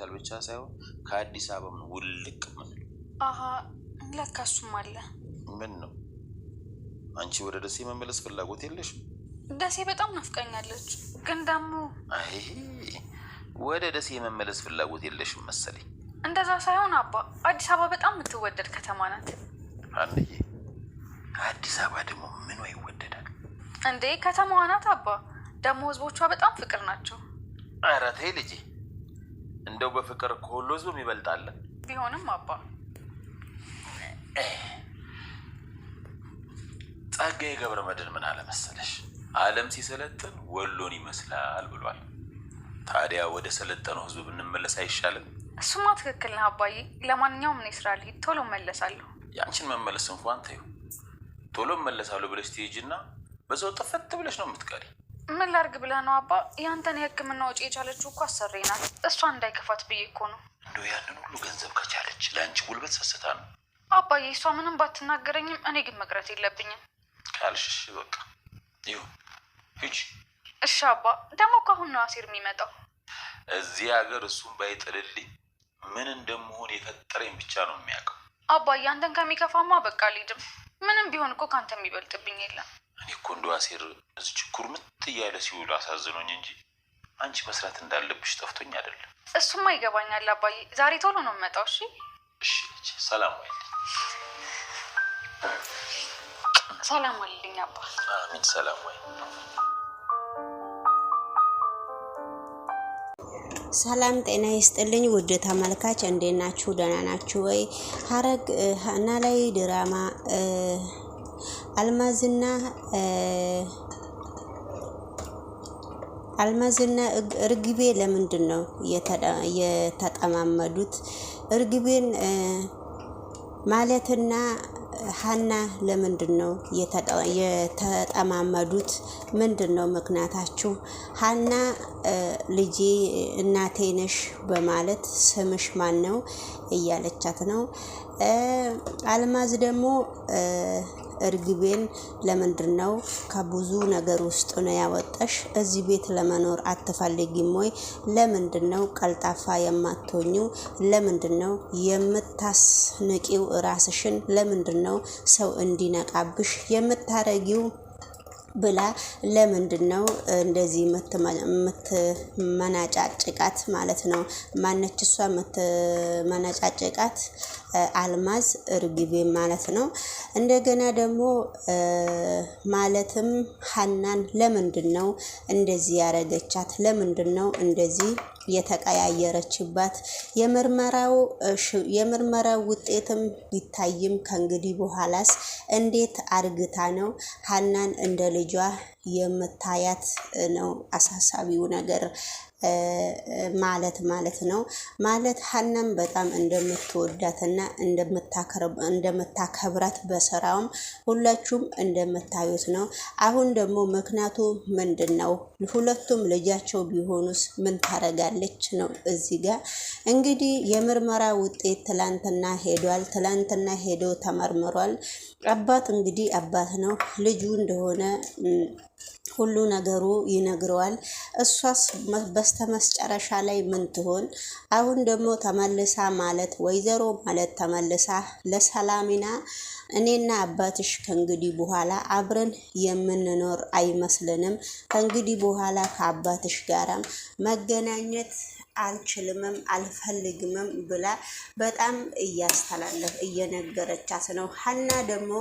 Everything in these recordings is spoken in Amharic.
ሆስፒታል ብቻ ሳይሆን ከአዲስ አበባም ነው ውልቅ ምንል። አለ። ምን ነው አንቺ ወደ ደሴ መመለስ ፍላጎት የለሽ? ደሴ በጣም ናፍቀኛለች፣ ግን ደግሞ ወደ ደሴ የመመለስ ፍላጎት የለሽም መሰለኝ። እንደዛ ሳይሆን አባ፣ አዲስ አበባ በጣም የምትወደድ ከተማ ናት። አንዬ አዲስ አበባ ደግሞ ምኗ ይወደዳል እንዴ? ከተማዋ ናት አባ። ደግሞ ህዝቦቿ በጣም ፍቅር ናቸው። ኧረ ተይ ልጄ እንደው በፍቅር ከሁሉ ህዝብም ይበልጣል። ቢሆንም አባ ጸጋዬ ገብረ መድን ምን አለ መሰለሽ፣ ዓለም ሲሰለጥን ወሎን ይመስላል ብሏል። ታዲያ ወደ ሰለጠነው ህዝብ ብንመለስ አይሻልም? እሱማ ትክክል ነህ አባዬ። ለማንኛውም እኔ ስራ ልሂድ፣ ቶሎ መለሳለሁ። ያንቺን መመለስ እንኳን ተይው፣ ቶሎ መለሳለሁ ብለሽ ትሄጂና በዛው ጥፍት ብለሽ ነው የምትቀሪ። ምን ላርግ ብለህ ነው አባ? ያንተን የህክምና ወጪ የቻለችው እኮ አሰሬ ናት። እሷ እንዳይከፋት ብዬ እኮ ነው። እንደው ያንን ሁሉ ገንዘብ ከቻለች ለአንቺ ጉልበት ሰስታ ነው አባዬ። እሷ ምንም ባትናገረኝም እኔ ግን መቅረት የለብኝም ካልሽ፣ እሺ በቃ ይሁ ሂጂ። እሺ አባ። ደግሞ ከአሁን ነው አሴር የሚመጣው እዚህ ሀገር። እሱን ባይጥልልኝ ምን እንደምሆን የፈጠረኝ ብቻ ነው የሚያውቀው። አባዬ አንተን ከሚከፋማ በቃ አልሄድም። ምንም ቢሆን እኮ ከአንተ የሚበልጥብኝ የለም። እኔ እኮ እንደው አሴር እዚች ኩርምት እያለ ሲውሉ አሳዝኖኝ እንጂ አንቺ መስራት እንዳለብሽ ጠፍቶኝ አይደለም። እሱማ ይገባኛል አባዬ። ዛሬ ቶሎ ነው የምመጣው። እሺ እሺ። ሰላም ዋልኝ። ሰላም ዋልኝ አባ። አሚን። ሰላም ወይ? ሰላም ጤና ይስጥልኝ ውድ ተመልካች፣ እንዴት ናችሁ? ደህና ናችሁ ወይ? ሀረግ እና ላይ ድራማ አልማዝና አልማዝና እርግቤ ለምንድን ነው የተጠማመዱት? እርግቤን ማለትና ሀና ለምንድን ነው የተጠማመዱት? ምንድን ነው ምክንያታችሁ? ሀና ልጄ እናቴ ነሽ በማለት ስምሽ ማን ነው እያለቻት ነው። አልማዝ ደግሞ እርግቤን ለምንድን ነው ከብዙ ነገር ውስጥ ነው ያወጣሽ? እዚህ ቤት ለመኖር አትፈልጊም ወይ? ለምንድን ነው ቀልጣፋ የማትሆኙ? ለምንድን ነው የምታስንቂው ራስሽን? ለምንድን ነው ሰው እንዲነቃብሽ የምታረጊው ብላ ለምንድን ነው እንደዚህ የምትመናጫጭቃት ማለት ነው? ማነች እሷ የምትመናጫጭቃት? አልማዝ እርግቤ ማለት ነው። እንደገና ደግሞ ማለትም ሀናን ለምንድን ነው እንደዚህ ያረገቻት? ለምንድን ነው እንደዚህ የተቀያየረችባት? የምርመራው ውጤትም ቢታይም ከእንግዲህ በኋላስ እንዴት አርግታ ነው ሀናን እንደ ልጇ የምታያት ነው አሳሳቢው ነገር ማለት ማለት ነው። ማለት ሀናም በጣም እንደምትወዳትና እንደምታከብራት በስራውም ሁላችሁም እንደምታዩት ነው። አሁን ደግሞ ምክንያቱ ምንድን ነው? ሁለቱም ልጃቸው ቢሆኑስ ምን ታረጋለች ነው እዚህ ጋር እንግዲህ የምርመራ ውጤት ትላንትና ሄዷል። ትላንትና ሄዶ ተመርምሯል። አባት እንግዲህ አባት ነው። ልጁ እንደሆነ ሁሉ ነገሩ ይነግረዋል። እሷስ በስተመጨረሻ ላይ ምን ትሆን? አሁን ደግሞ ተመልሳ ማለት ወይዘሮ ማለት ተመልሳ ለሰላሚና እኔና አባትሽ ከእንግዲህ በኋላ አብረን የምንኖር አይመስልንም። ከእንግዲህ በኋላ ከአባትሽ ጋራም መገናኘት አልችልምም አልፈልግምም ብላ በጣም እያስተላለፍ እየነገረቻት ነው። ሀና ደግሞ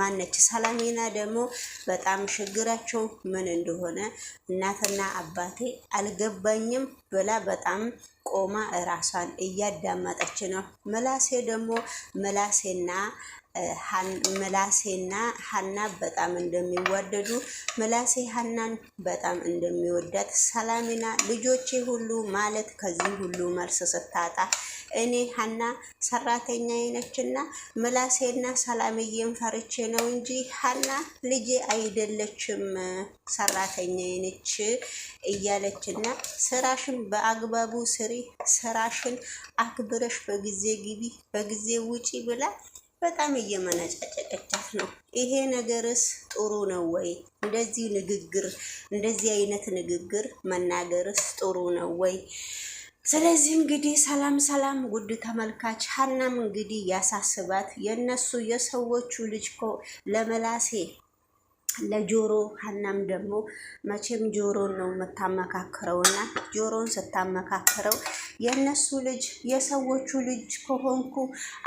ማነች ሰላሚና ደግሞ በጣም ችግራቸው ምን እንደሆነ እናትና አባቴ አልገባኝም ብላ በጣም ቆማ እራሷን እያዳመጠች ነው። ምላሴ ደግሞ ምላሴና ምላሴና ሀና በጣም እንደሚዋደዱ ምላሴ ሀናን በጣም እንደሚወዳት ሰላሜና ልጆቼ ሁሉ ማለት ከዚህ ሁሉ መልስ ስታጣ እኔ ሀና ሰራተኛ አይነችና ምላሴና ሰላምዬን ፈርቼ ነው እንጂ ሀና ልጄ አይደለችም፣ ሰራተኛ አይነች እያለችና ስራሽን በአግባቡ ስሪ፣ ስራሽን አክብረሽ በጊዜ ግቢ፣ በጊዜ ውጪ ብላ በጣም እየመነጫጨቀቻት ነው። ይሄ ነገርስ ጥሩ ነው ወይ? እንደዚህ ንግግር እንደዚህ አይነት ንግግር መናገርስ ጥሩ ነው ወይ? ስለዚህ እንግዲህ ሰላም ሰላም፣ ውድ ተመልካች ሀናም እንግዲህ ያሳስባት የነሱ የሰዎቹ ልጅ እኮ ለመላሴ ለጆሮ ሀናም ደግሞ መቼም ጆሮን ነው የምታመካክረውና ጆሮን ስታመካክረው የእነሱ ልጅ የሰዎቹ ልጅ ከሆንኩ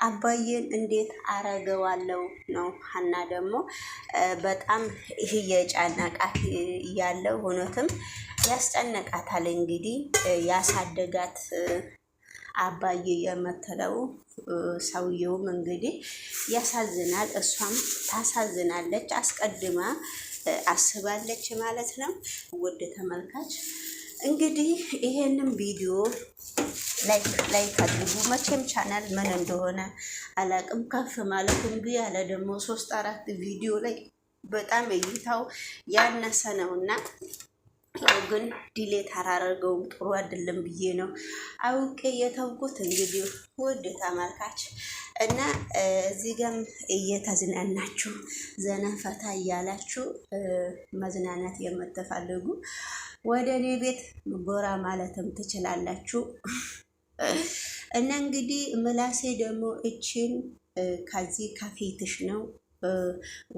አባዬን እንዴት አረገዋለው ነው። ሀና ደግሞ በጣም ይህ የጫነቃት ያለው ሆኖትም ያስጨነቃታል። እንግዲህ ያሳደጋት አባዬ የምትለው ሰውየውም እንግዲህ ያሳዝናል። እሷም ታሳዝናለች። አስቀድማ አስባለች ማለት ነው። ውድ ተመልካች እንግዲህ ይሄንን ቪዲዮ ላይክ ላይክ አድርጉ። መቼም ቻናል ምን እንደሆነ አላቅም። ከፍ ማለት እንቢ ያለ ደግሞ ሶስት አራት ቪዲዮ ላይ በጣም እይታው ያነሰ ነውና ያው ግን ዲሌት አላደርገውም ጥሩ አይደለም ብዬ ነው አውቄ የተውኩት። እንግዲህ ውድ ተመልካች እና እዚህ ጋም እየተዝናናችሁ ዘና ፈታ እያላችሁ መዝናናት የምትፈልጉ ወደ እኔ ቤት ጎራ ማለትም ትችላላችሁ። እና እንግዲህ ምላሴ ደግሞ እችን ከዚህ ከፊትሽ ነው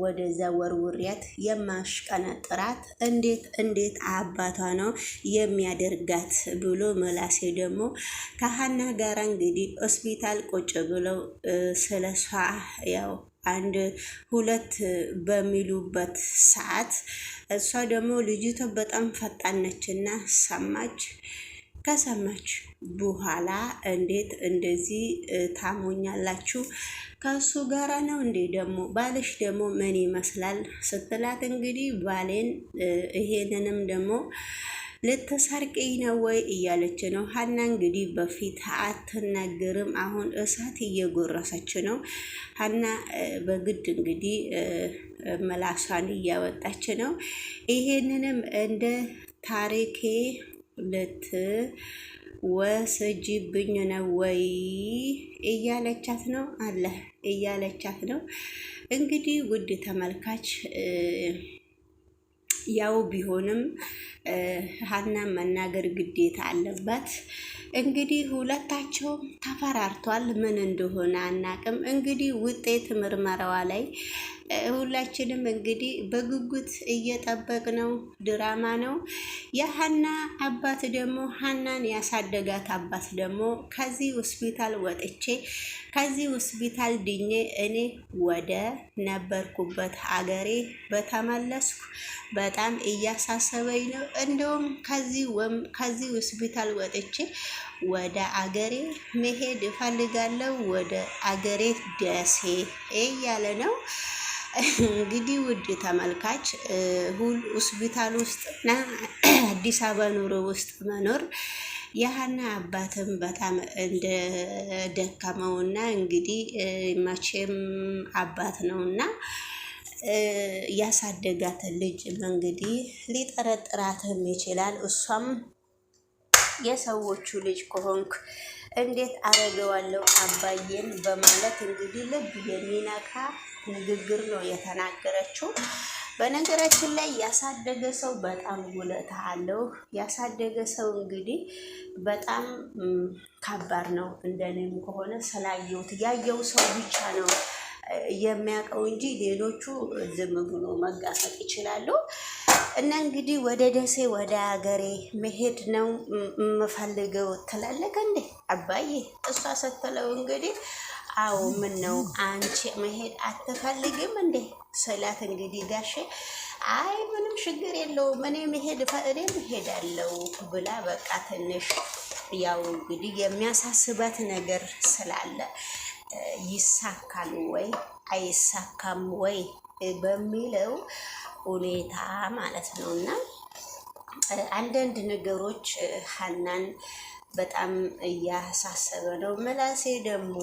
ወደዛ ወርውሪያት የማሽቀነጥራት እንዴት እንዴት አባቷ ነው የሚያደርጋት ብሎ መላሴ ደግሞ ከሀና ጋራ እንግዲህ ሆስፒታል ቁጭ ብለው ስለሷ ያው አንድ ሁለት በሚሉበት ሰዓት እሷ ደግሞ ልጅቷ በጣም ፈጣን ነች እና ሰማች። ከሰማች በኋላ እንዴት እንደዚህ ታሞኛላችሁ? ከሱ ጋራ ነው እንዴ? ደግሞ ባልሽ ደግሞ ምን ይመስላል ስትላት እንግዲህ ባሌን ይሄንንም ደግሞ ልትሰርቅኝ ነው ወይ እያለች ነው ሀና። እንግዲህ በፊት አትናገርም፣ አሁን እሳት እየጎረሰች ነው ሀና። በግድ እንግዲህ መላሷን እያወጣች ነው። ይሄንንም እንደ ታሪኬ ልትወስጂብኝ ነው ወይ እያለቻት ነው አለ እያለቻት ነው። እንግዲህ ውድ ተመልካች ያው ቢሆንም ሀናን መናገር ግዴታ አለባት። እንግዲህ ሁለታቸው ተፈራርቷል። ምን እንደሆነ አናቅም። እንግዲህ ውጤት ምርመራዋ ላይ ሁላችንም እንግዲህ በጉጉት እየጠበቅ ነው። ድራማ ነው። የሀና አባት ደግሞ ሀናን ያሳደጋት አባት ደግሞ ከዚህ ሆስፒታል ወጥቼ ከዚህ ሆስፒታል ድኜ እኔ ወደ ነበርኩበት አገሬ በተመለስኩ በጣም እያሳሰበኝ ነው። እንደውም ከዚህ ሆስፒታል ወጥቼ ወደ አገሬ መሄድ እፈልጋለሁ፣ ወደ አገሬ ደሴ እያለ ነው። እንግዲህ ውድ ተመልካች ሁል ሆስፒታል ውስጥና አዲስ አበባ ኑሮ ውስጥ መኖር የሀና አባትም በጣም እንደ ደከመውና እንግዲህ መቼም አባት ነውና ያሳደጋትን ልጅ እንግዲህ ሊጠረጥራትም ይችላል። እሷም የሰዎቹ ልጅ ከሆንክ እንዴት አረገዋለሁ አባዬን በማለት እንግዲህ ልብ የሚነካ ንግግር ነው የተናገረችው። በነገራችን ላይ ያሳደገ ሰው በጣም ውለታ አለው። ያሳደገ ሰው እንግዲህ በጣም ከባድ ነው። እንደኔም ከሆነ ስላየሁት ያየው ሰው ብቻ ነው የሚያውቀው እንጂ ሌሎቹ ዝም ብሎ መጋፈጥ ይችላሉ። እና እንግዲህ ወደ ደሴ ወደ ሀገሬ መሄድ ነው የምፈልገው ትላለቀ እንዴ አባዬ? እሷ ስትለው እንግዲህ አዎ ምን ነው አንቺ መሄድ አትፈልግም እንዴ ስላት እንግዲህ ጋሼ አይ ምንም ችግር የለውም እኔ መሄድ እኔም እሄዳለሁ ብላ በቃ ትንሽ ያው እንግዲህ የሚያሳስበት ነገር ስላለ ይሳካል ወይ አይሳካም ወይ በሚለው ሁኔታ ማለት ነው እና አንዳንድ ነገሮች ሀናን በጣም እያሳሰበ ነው። ምላሴ ደግሞ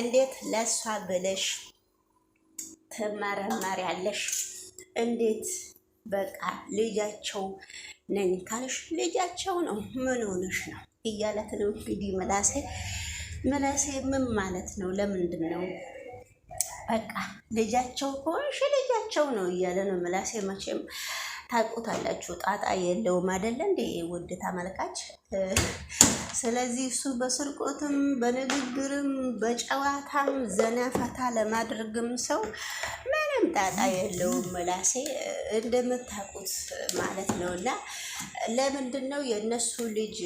እንዴት ለእሷ ብለሽ ትመረመሪያለሽ? እንዴት በቃ ልጃቸው ነኝ ካልሽ ልጃቸው ነው፣ ምን ሆነሽ ነው እያለት ነው እንግዲህ ምላሴ። ምላሴ ምን ማለት ነው? ለምንድን ነው በቃ ልጃቸው ከሆንሽ ልጃቸው ነው እያለ ነው ምላሴ መቼም ታውቁታላችሁ። ጣጣ የለውም አይደለ እንዴ ውድ ተመልካች። ስለዚህ እሱ በስርቆትም በንግግርም በጨዋታም ዘና ፈታ ለማድረግም ሰው ምንም ጣጣ የለውም። ምላሴ እንደምታውቁት ማለት ነው። እና ለምንድን ነው የእነሱ ልጅ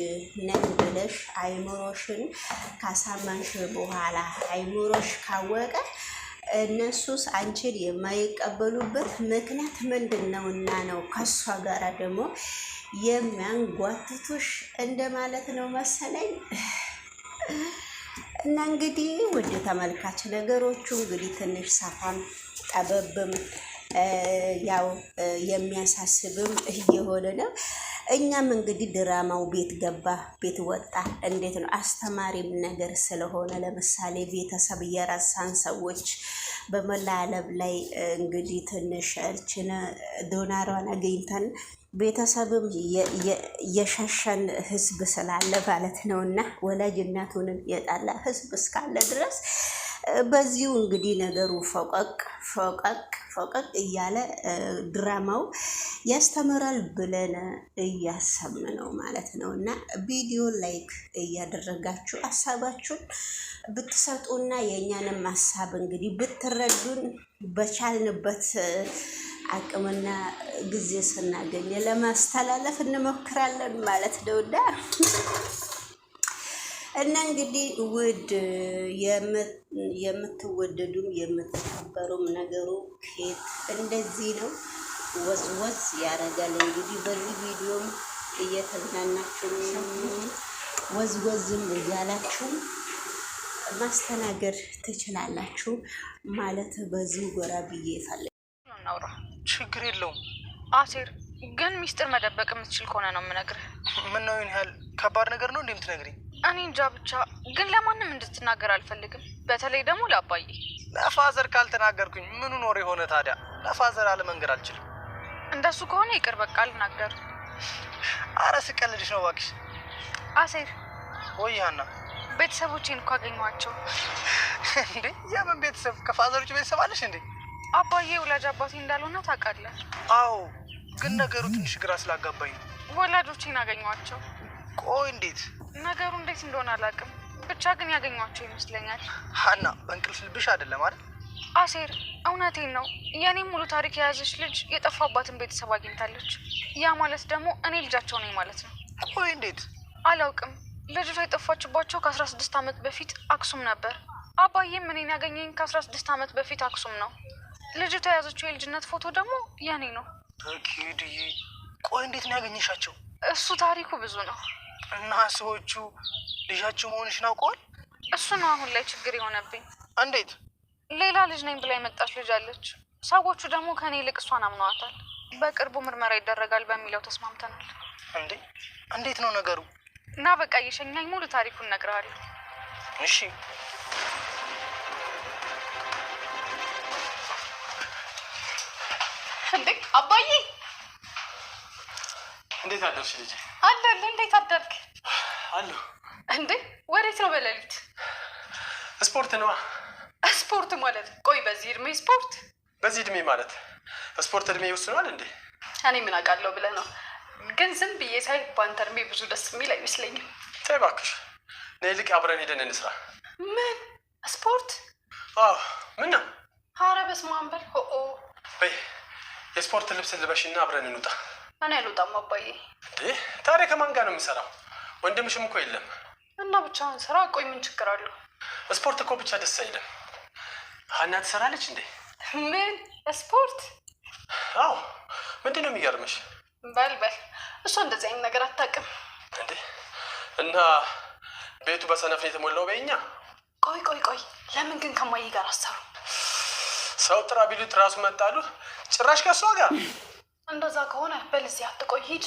ነን ብለሽ አይምሮሽን ካሳማንሽ በኋላ አይምሮሽ ካወቀ እነሱስ አንቺን የማይቀበሉበት ምክንያት ምንድን ነው? እና ነው ከሷ ጋራ ደግሞ የሚያንጓትቱሽ እንደማለት ነው መሰለኝ። እና እንግዲህ ውድ ተመልካች ነገሮቹ እንግዲህ ትንሽ ሰፋም ጠበብም ያው የሚያሳስብም እየሆነ ነው። እኛም እንግዲህ ድራማው ቤት ገባ ቤት ወጣ፣ እንዴት ነው አስተማሪም ነገር ስለሆነ ለምሳሌ ቤተሰብ የረሳን ሰዎች በመላ ዓለም ላይ እንግዲህ ትንሽ እልችን ዶናሯን አግኝተን ቤተሰብም የሸሸን ህዝብ ስላለ ማለት ነው እና ወላጅ እናቱንም የጣላ ህዝብ እስካለ ድረስ በዚሁ እንግዲህ ነገሩ ፈቀቅ ፈቀቅ ፈቀቅ እያለ ድራማው ያስተምራል ብለን እያሰብን ነው ማለት ነው። እና ቪዲዮ ላይክ እያደረጋችሁ ሀሳባችሁን ብትሰጡና የእኛንም ሀሳብ እንግዲህ ብትረዱን በቻልንበት አቅምና ጊዜ ስናገኝ ለማስተላለፍ እንሞክራለን ማለት ነው እና እና እንግዲህ ውድ የምትወደዱም የምትከበሩም ነገሩ ኬት እንደዚህ ነው፣ ወስወስ ያደርጋል። እንግዲህ በዚህ ቪዲዮም እየተዝናናችሁ ወዝ ወዝም እያላችሁ ማስተናገድ ትችላላችሁ ማለት በዚህ ጎራ ብዬ ይፈልግ እናውራ፣ ችግር የለውም አሴር ግን ሚስጥር መደበቅ የምትችል ከሆነ ነው የምነግርህ። ምነው ይህን ያህል ከባድ ነገር ነው እንዴ እኔ እንጃ ብቻ ግን ለማንም እንድትናገር አልፈልግም። በተለይ ደግሞ ለአባዬ። ለፋዘር ካልተናገርኩኝ ምኑ ኖር የሆነ ታዲያ? ለፋዘር አለመንገር አልችልም። እንደሱ ከሆነ ይቅር በቃ አልናገር። አረ ስቀልድሽ ነው እባክሽ። አሴር ወይሃና ቤተሰቦቼን እኮ አገኘኋቸው። እንዴ የምን ቤተሰብ? ከፋዘር ውጭ ቤተሰብ አለሽ እንዴ? አባዬ ወላጅ አባቴ እንዳልሆነ ታውቃለህ? አዎ፣ ግን ነገሩ ትንሽ ግራ ስላጋባኝ ነው። ወላጆቼን አገኘኋቸው። ቆይ እንዴት? ነገሩ እንዴት እንደሆነ አላውቅም፣ ብቻ ግን ያገኟቸው ይመስለኛል። ሀና በእንቅልፍ ልብሽ አይደለም አይደል? አሴር እውነቴን ነው። የእኔም ሙሉ ታሪክ የያዘች ልጅ የጠፋባትን ቤተሰብ አግኝታለች። ያ ማለት ደግሞ እኔ ልጃቸው ነኝ ማለት ነው። ቆይ እንዴት? አላውቅም። ልጅቷ የጠፋችባቸው ከአስራ ስድስት ዓመት በፊት አክሱም ነበር። አባዬም እኔን ያገኘኝ ከአስራ ስድስት ዓመት በፊት አክሱም ነው። ልጅቷ የያዘችው የልጅነት ፎቶ ደግሞ የኔ ነው። ቆይ እንዴት ነው ያገኘሻቸው? እሱ ታሪኩ ብዙ ነው። እና ሰዎቹ ልጃቸው መሆንሽን አውቀዋል? እሱ ነው አሁን ላይ ችግር የሆነብኝ። እንዴት? ሌላ ልጅ ነኝ ብላ የመጣች ልጅ አለች። ሰዎቹ ደግሞ ከእኔ ይልቅ እሷን አምነዋታል። በቅርቡ ምርመራ ይደረጋል በሚለው ተስማምተናል። እንዴ እንዴት ነው ነገሩ? እና በቃ እየሸኛኝ ሙሉ ታሪኩን እነግርሃለሁ። እሺ እንዴ አባዬ እንዴት አደርሽ ልጄ? አለሁልህ። እንዴት አደርክ? አለሁ። እንዴ ወዴት ነው በሌሊት? ስፖርት ነዋ። ስፖርት ማለት ቆይ፣ በዚህ እድሜ ስፖርት? በዚህ እድሜ ማለት ስፖርት እድሜ ይወስነዋል እንዴ? እኔ ምን አውቃለሁ ብለህ ነው? ግን ዝም ብዬ ሳይ በአንተ እድሜ ብዙ ደስ የሚል አይመስለኝም። ተይ እባክሽ፣ ነይ ይልቅ አብረን ሄደን እንስራ። ምን ስፖርት? አዎ። ምን ነው? ኧረ በስመ አብ በል። ሆ በይ፣ የስፖርት ልብስ ልበሽና አብረን እንውጣ። እኔ አልወጣም አባዬ። ይህ ታዲያ ከማን ጋር ነው የሚሰራው? ወንድምሽም እኮ የለም እና ብቻውን ስራ። ቆይ ምን ችግር አለው? ስፖርት እኮ ብቻ ደስ አይልም። ሀና ትሰራለች እንዴ? ምን ስፖርት? አዎ። ምንድን ነው የሚገርምሽ? በል፣ እሷ እንደዚህ አይነት ነገር አታውቅም እንዴ? እና ቤቱ በሰነፍ ነው የተሞላው በኛ። ቆይ ቆይ ቆይ፣ ለምን ግን ከማዬ ጋር አሰሩ? ሰው ጥራ ቢሉት ራሱ መጣሉ። ጭራሽ ከእሷ ጋር እንደዛ ከሆነ በል እዚህ አትቆይ ሂድ።